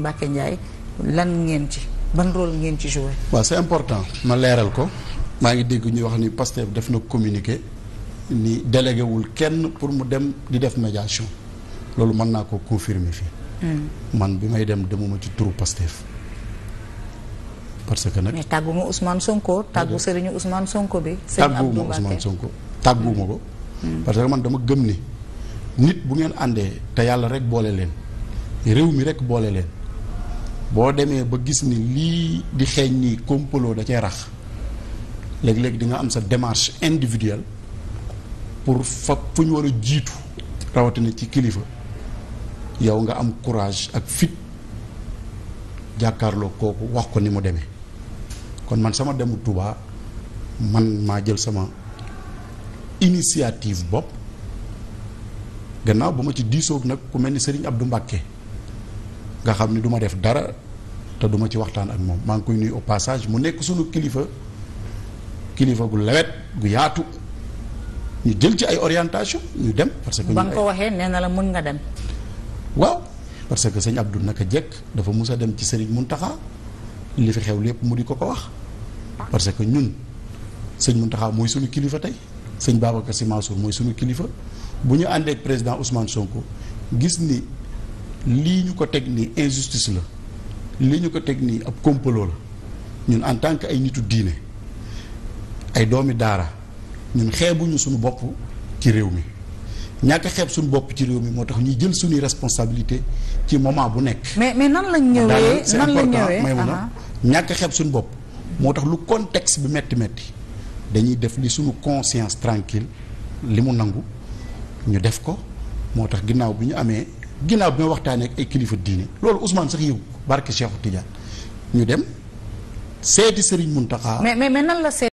Mbacké Ndiaye lan ngeen ci ban rôle ngeen ci joué. waaw c'est important ma leeral ko maa ngi dégg ñuy wax ni Pastef def na communiquer ni délégué wul kenn pour mu dem di def médiation loolu mën naa ko confirmer fii. Hmm. man bi may dem demuma ci turu Pastef. parce que nag mais tàgguma Ousmane Sonko tàggu Serigne Ousmane Sonko bi. Serigne Abdou Mbacké Sonko tàgguwuma ko. Hmm. parce que man dama gëm ni nit bu ngeen àndee te yàlla rek boole leen réew mi rek boole leen. boo demee ba gis ni lii di xeeñ nii complot da cay rax léeg-léeg di nga am sa démarche individuelle pour fa fu ñu war a jiitu rawatina ci kilifa yow nga am courage ak fit jàkkaarloo kooku wax ko ni mu demee kon man sama demu Touba man maa jël sama initiative bopp gannaaw ba ma ci diisoog nag ku mel ni Serigne Abdou Mbacké nga xam ni du ma def dara te duma ci waxtaan ak moom maa ngi koy nuyu au passage mu nekk sunu kilifa kilifa gu lewet gu yaatu ñu jël ci ay orientation ñu dem. parce que ba waxee nee na la mën nga dem. waaw parce que sëñ Abdou naka jekk dafa mus a dem ci sëriñ Muntaxa li fi xew lépp mu di ko ko wax parce que ñun sëñ Muntaxa mooy suñu kilifa tey sëñ Babacar Sy Mansour mooy suñu kilifa bu ñu àndee président Ousmane Sonko gis ni. lii ñu ko teg nii injustice la lii ñu ko teg nii ab complot la ñun en tant que ay nitu diine ay doomi daara ñun xeebuñu suñu bopp ci réew mi ñàkk xeeb suñu bopp ci réew mi moo tax ñuy jël suñuy responsabilité ci moment bu nekk. mais mais nan lañ ñëwee nan lañ ñëwee may mun a ñàkk xeeb suñu bopp moo tax lu contexte bi metti métti dañuy def li suñu conscience tranquille li mu nangu ñu def ko moo tax ginnaaw bi ñu amee ginnaaw bi ma waxtaanee ak ay kilifa diine loolu Ousmane sax yëgu barke Cheikhou Tidiane ñu dem seeti Serigne Mountakha. mais mais mais nan la seet